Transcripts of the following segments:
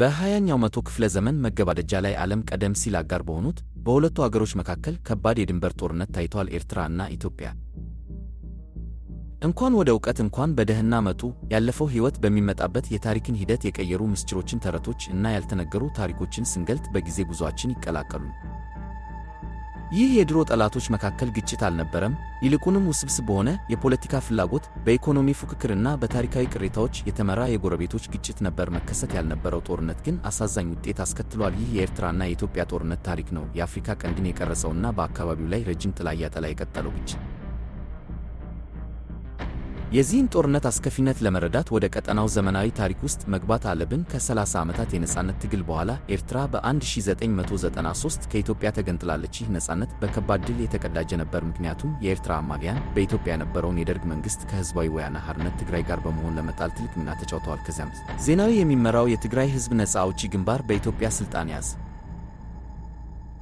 በ20ኛው መቶ ክፍለ ዘመን መገባደጃ ላይ ዓለም ቀደም ሲል አጋር በሆኑት በሁለቱ አገሮች መካከል ከባድ የድንበር ጦርነት ታይቷል። ኤርትራ እና ኢትዮጵያ እንኳን ወደ ዕውቀት እንኳን በደህና መጡ። ያለፈው ሕይወት በሚመጣበት የታሪክን ሂደት የቀየሩ ምስጢሮችን፣ ተረቶች እና ያልተነገሩ ታሪኮችን ስንገልጥ በጊዜ ጉዞአችን ይቀላቀሉ። ይህ የድሮ ጠላቶች መካከል ግጭት አልነበረም፣ ይልቁንም ውስብስብ በሆነ የፖለቲካ ፍላጎት፣ በኢኮኖሚ ፉክክርና በታሪካዊ ቅሬታዎች የተመራ የጎረቤቶች ግጭት ነበር። መከሰት ያልነበረው ጦርነት ግን አሳዛኝ ውጤት አስከትሏል። ይህ የኤርትራና የኢትዮጵያ ጦርነት ታሪክ ነው፣ የአፍሪካ ቀንድን የቀረጸውና በአካባቢው ላይ ረጅም ጥላ እያጠላ የቀጠለው ግጭት። የዚህን ጦርነት አስከፊነት ለመረዳት ወደ ቀጠናው ዘመናዊ ታሪክ ውስጥ መግባት አለብን። ከ30 ዓመታት የነጻነት ትግል በኋላ ኤርትራ በ1993 ከኢትዮጵያ ተገንጥላለች። ይህ ነጻነት በከባድ ድል የተቀዳጀ ነበር፣ ምክንያቱም የኤርትራ አማጽያን በኢትዮጵያ የነበረውን የደርግ መንግስት ከህዝባዊ ወያነ ሓርነት ትግራይ ጋር በመሆን ለመጣል ትልቅ ሚና ተጫውተዋል። ከዚያም ዜናዊ የሚመራው የትግራይ ህዝብ ነፃዎች አውጪ ግንባር በኢትዮጵያ ስልጣን ያዘ።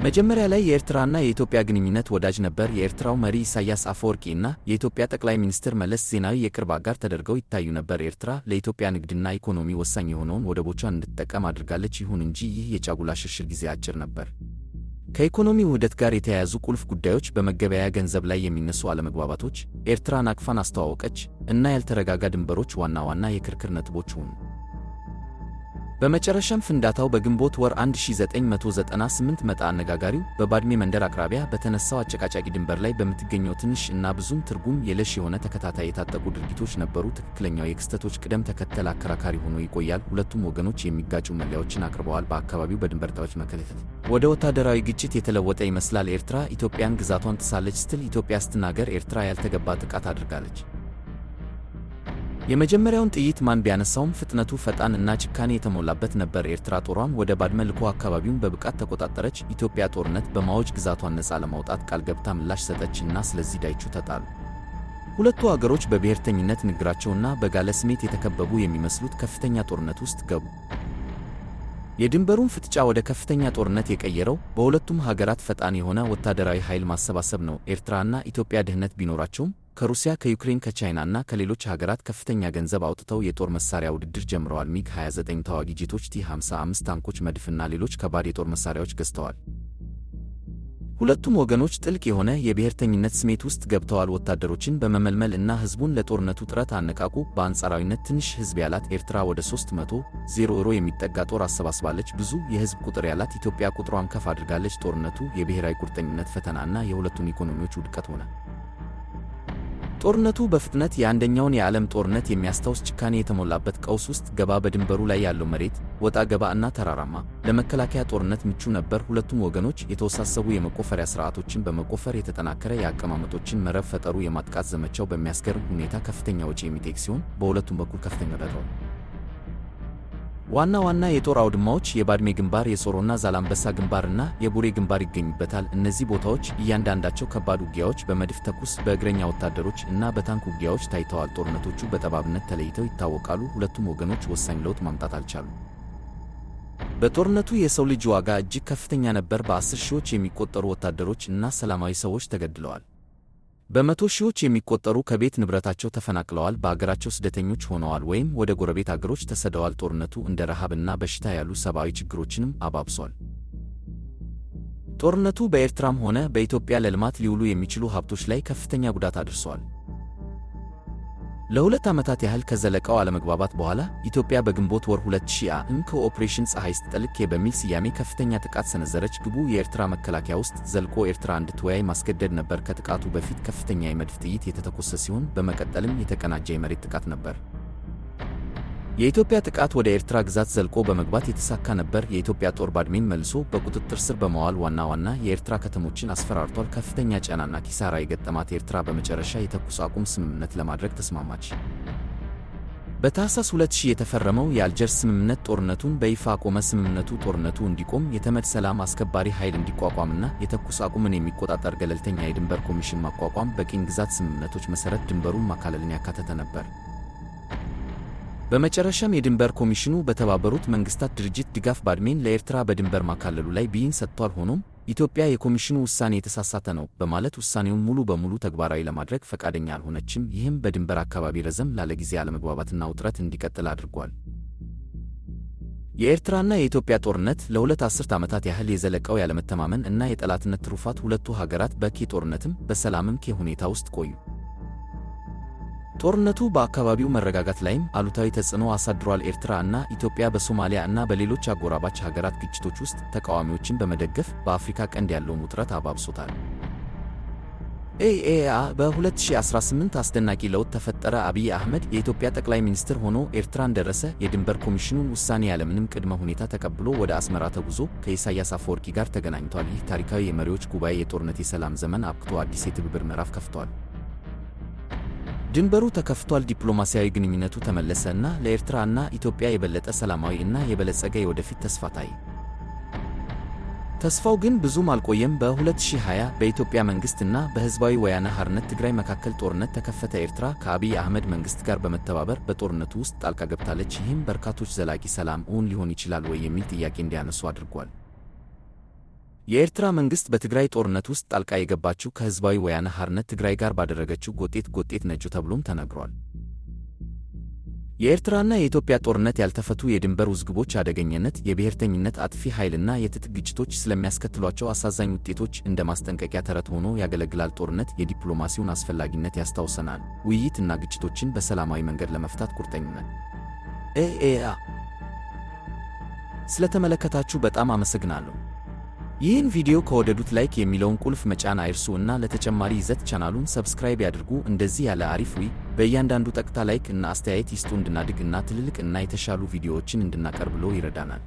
መጀመሪያ ላይ የኤርትራና የኢትዮጵያ ግንኙነት ወዳጅ ነበር። የኤርትራው መሪ ኢሳያስ አፈወርቂ እና የኢትዮጵያ ጠቅላይ ሚኒስትር መለስ ዜናዊ የቅርብ አጋር ተደርገው ይታዩ ነበር። ኤርትራ ለኢትዮጵያ ንግድና ኢኮኖሚ ወሳኝ የሆነውን ወደቦቿን እንድትጠቀም አድርጋለች። ይሁን እንጂ ይህ የጫጉላ ሽርሽር ጊዜ አጭር ነበር። ከኢኮኖሚ ውህደት ጋር የተያያዙ ቁልፍ ጉዳዮች፣ በመገበያያ ገንዘብ ላይ የሚነሱ አለመግባባቶች፣ ኤርትራን አቅፋን አስተዋወቀች እና ያልተረጋጋ ድንበሮች ዋና ዋና የክርክር ነጥቦች ሆኑ። በመጨረሻም ፍንዳታው በግንቦት ወር 1998 መጣ። አነጋጋሪው በባድሜ መንደር አቅራቢያ በተነሳው አጨቃጫቂ ድንበር ላይ በምትገኘው ትንሽ እና ብዙም ትርጉም የለሽ የሆነ ተከታታይ የታጠቁ ድርጊቶች ነበሩ። ትክክለኛው የክስተቶች ቅደም ተከተል አከራካሪ ሆኖ ይቆያል። ሁለቱም ወገኖች የሚጋጩ መለያዎችን አቅርበዋል። በአካባቢው በድንበርታዎች መከለከል ወደ ወታደራዊ ግጭት የተለወጠ ይመስላል። ኤርትራ ኢትዮጵያን ግዛቷን ጥሳለች ስትል ኢትዮጵያ ስትናገር ኤርትራ ያልተገባ ጥቃት አድርጋለች። የመጀመሪያውን ጥይት ማን ቢያነሳውም ፍጥነቱ ፈጣን እና ጭካኔ የተሞላበት ነበር። ኤርትራ ጦሯን ወደ ባድመ ልኮ አካባቢውን በብቃት ተቆጣጠረች። ኢትዮጵያ ጦርነት በማወጅ ግዛቷን ነፃ ለማውጣት ቃል ገብታ ምላሽ ሰጠች እና ስለዚህ ዳይቹ ተጣሉ። ሁለቱ አገሮች በብሔርተኝነት ንግግራቸውና በጋለ ስሜት የተከበቡ የሚመስሉት ከፍተኛ ጦርነት ውስጥ ገቡ። የድንበሩን ፍጥጫ ወደ ከፍተኛ ጦርነት የቀየረው በሁለቱም ሀገራት ፈጣን የሆነ ወታደራዊ ኃይል ማሰባሰብ ነው። ኤርትራና ኢትዮጵያ ድህነት ቢኖራቸውም ከሩሲያ ከዩክሬን ከቻይና እና ከሌሎች ሀገራት ከፍተኛ ገንዘብ አውጥተው የጦር መሳሪያ ውድድር ጀምረዋል። ሚግ 29 ተዋጊ ጄቶች፣ ቲ55 ታንኮች፣ መድፍና ሌሎች ከባድ የጦር መሳሪያዎች ገዝተዋል። ሁለቱም ወገኖች ጥልቅ የሆነ የብሔርተኝነት ስሜት ውስጥ ገብተዋል። ወታደሮችን በመመልመል እና ሕዝቡን ለጦርነቱ ጥረት አነቃቁ። በአንጻራዊነት ትንሽ ሕዝብ ያላት ኤርትራ ወደ 300 ሮ የሚጠጋ ጦር አሰባስባለች። ብዙ የሕዝብ ቁጥር ያላት ኢትዮጵያ ቁጥሯን ከፍ አድርጋለች። ጦርነቱ የብሔራዊ ቁርጠኝነት ፈተናና የሁለቱም ኢኮኖሚዎች ውድቀት ሆነ። ጦርነቱ በፍጥነት የአንደኛውን የዓለም ጦርነት የሚያስታውስ ጭካኔ የተሞላበት ቀውስ ውስጥ ገባ። በድንበሩ ላይ ያለው መሬት ወጣ ገባ እና ተራራማ ለመከላከያ ጦርነት ምቹ ነበር። ሁለቱም ወገኖች የተወሳሰቡ የመቆፈሪያ ስርዓቶችን በመቆፈር የተጠናከረ የአቀማመጦችን መረብ ፈጠሩ። የማጥቃት ዘመቻው በሚያስገርም ሁኔታ ከፍተኛ ወጪ የሚጠይቅ ሲሆን፣ በሁለቱም በኩል ከፍተኛ ዋና ዋና የጦር አውድማዎች የባድሜ ግንባር፣ የሶሮና ዛላንበሳ ግንባርና የቡሬ ግንባር ይገኙበታል። እነዚህ ቦታዎች እያንዳንዳቸው ከባድ ውጊያዎች በመድፍ ተኩስ፣ በእግረኛ ወታደሮች እና በታንክ ውጊያዎች ታይተዋል። ጦርነቶቹ በጠባብነት ተለይተው ይታወቃሉ። ሁለቱም ወገኖች ወሳኝ ለውጥ ማምጣት አልቻሉ። በጦርነቱ የሰው ልጅ ዋጋ እጅግ ከፍተኛ ነበር። በአስር ሺዎች የሚቆጠሩ ወታደሮች እና ሰላማዊ ሰዎች ተገድለዋል። በመቶ ሺዎች የሚቆጠሩ ከቤት ንብረታቸው ተፈናቅለዋል፣ በአገራቸው ስደተኞች ሆነዋል ወይም ወደ ጎረቤት አገሮች ተሰደዋል። ጦርነቱ እንደ ረሃብና በሽታ ያሉ ሰብአዊ ችግሮችንም አባብሷል። ጦርነቱ በኤርትራም ሆነ በኢትዮጵያ ለልማት ሊውሉ የሚችሉ ሀብቶች ላይ ከፍተኛ ጉዳት አድርሷል። ለሁለት ዓመታት ያህል ከዘለቀው አለመግባባት በኋላ ኢትዮጵያ በግንቦት ወር 2000 ዓ.ም ከኦፕሬሽን ፀሐይ ስትጠልቅ በሚል ስያሜ ከፍተኛ ጥቃት ሰነዘረች። ግቡ የኤርትራ መከላከያ ውስጥ ዘልቆ ኤርትራ እንድትወያይ ማስገደድ ነበር። ከጥቃቱ በፊት ከፍተኛ የመድፍ ጥይት የተተኮሰ ሲሆን በመቀጠልም የተቀናጀ የመሬት ጥቃት ነበር። የኢትዮጵያ ጥቃት ወደ ኤርትራ ግዛት ዘልቆ በመግባት የተሳካ ነበር። የኢትዮጵያ ጦር ባድሜን መልሶ በቁጥጥር ስር በመዋል ዋና ዋና የኤርትራ ከተሞችን አስፈራርቷል። ከፍተኛ ጫናና ኪሳራ የገጠማት ኤርትራ በመጨረሻ የተኩስ አቁም ስምምነት ለማድረግ ተስማማች። በታህሳስ 2000 የተፈረመው የአልጀርስ ስምምነት ጦርነቱን በይፋ አቆመ። ስምምነቱ ጦርነቱ እንዲቆም የተመድ ሰላም አስከባሪ ኃይል እንዲቋቋምና የተኩስ አቁምን የሚቆጣጠር ገለልተኛ የድንበር ኮሚሽን ማቋቋም በቅኝ ግዛት ስምምነቶች መሠረት ድንበሩን ማካለልን ያካተተ ነበር። በመጨረሻም የድንበር ኮሚሽኑ በተባበሩት መንግስታት ድርጅት ድጋፍ ባድሜን ለኤርትራ በድንበር ማካለሉ ላይ ብይን ሰጥቷል። ሆኖም ኢትዮጵያ የኮሚሽኑ ውሳኔ የተሳሳተ ነው በማለት ውሳኔውን ሙሉ በሙሉ ተግባራዊ ለማድረግ ፈቃደኛ አልሆነችም። ይህም በድንበር አካባቢ ረዘም ላለ ጊዜ አለመግባባትና ውጥረት እንዲቀጥል አድርጓል። የኤርትራና የኢትዮጵያ ጦርነት ለሁለት አስርት ዓመታት ያህል የዘለቀው ያለመተማመን እና የጠላትነት ትሩፋት ሁለቱ ሀገራት በኪ ጦርነትም በሰላምም ኬ ሁኔታ ውስጥ ቆዩ። ጦርነቱ በአካባቢው መረጋጋት ላይም አሉታዊ ተጽዕኖ አሳድሯል። ኤርትራ እና ኢትዮጵያ በሶማሊያ እና በሌሎች አጎራባች ሀገራት ግጭቶች ውስጥ ተቃዋሚዎችን በመደገፍ በአፍሪካ ቀንድ ያለውን ውጥረት አባብሶታል። ኤኤአ በ2018 አስደናቂ ለውጥ ተፈጠረ። አብይ አህመድ የኢትዮጵያ ጠቅላይ ሚኒስትር ሆኖ ኤርትራን ደረሰ። የድንበር ኮሚሽኑን ውሳኔ ያለምንም ቅድመ ሁኔታ ተቀብሎ ወደ አስመራ ተጉዞ ከኢሳያስ አፈወርቂ ጋር ተገናኝቷል። ይህ ታሪካዊ የመሪዎች ጉባኤ የጦርነት የሰላም ዘመን አብቅቶ አዲስ የትብብር ምዕራፍ ከፍቷል። ድንበሩ ተከፍቷል። ዲፕሎማሲያዊ ግንኙነቱ ተመለሰ እና ለኤርትራ እና ኢትዮጵያ የበለጠ ሰላማዊ እና የበለጸገ የወደፊት ተስፋ ታየ። ተስፋው ግን ብዙም አልቆየም። በ2020 በኢትዮጵያ መንግሥት እና በሕዝባዊ ወያነ ሐርነት ትግራይ መካከል ጦርነት ተከፈተ። ኤርትራ ከአብይ አህመድ መንግሥት ጋር በመተባበር በጦርነቱ ውስጥ ጣልቃ ገብታለች። ይህም በርካቶች ዘላቂ ሰላም እውን ሊሆን ይችላል ወይ የሚል ጥያቄ እንዲያነሱ አድርጓል። የኤርትራ መንግሥት በትግራይ ጦርነት ውስጥ ጣልቃ የገባችው ከሕዝባዊ ወያነ ሀርነት ትግራይ ጋር ባደረገችው ጎጤት ጎጤት ነጩ ተብሎም ተነግሯል። የኤርትራና የኢትዮጵያ ጦርነት ያልተፈቱ የድንበር ውዝግቦች አደገኝነት፣ የብሔርተኝነት አጥፊ ኃይልና የትጥቅ ግጭቶች ስለሚያስከትሏቸው አሳዛኝ ውጤቶች እንደ ማስጠንቀቂያ ተረት ሆኖ ያገለግላል። ጦርነት የዲፕሎማሲውን አስፈላጊነት ያስታውሰናል። ውይይትና ግጭቶችን በሰላማዊ መንገድ ለመፍታት ቁርጠኝነት ኤኤአ ስለተመለከታችሁ በጣም አመሰግናለሁ። ይህን ቪዲዮ ከወደዱት ላይክ የሚለውን ቁልፍ መጫን አይርሱ እና ለተጨማሪ ይዘት ቻናሉን ሰብስክራይብ ያድርጉ። እንደዚህ ያለ አሪፍ ዊ በእያንዳንዱ ጠቅታ ላይክ እና አስተያየት ይስጡ እንድናድግ እና ትልልቅ እና የተሻሉ ቪዲዮዎችን እንድናቀርብሎ ይረዳናል።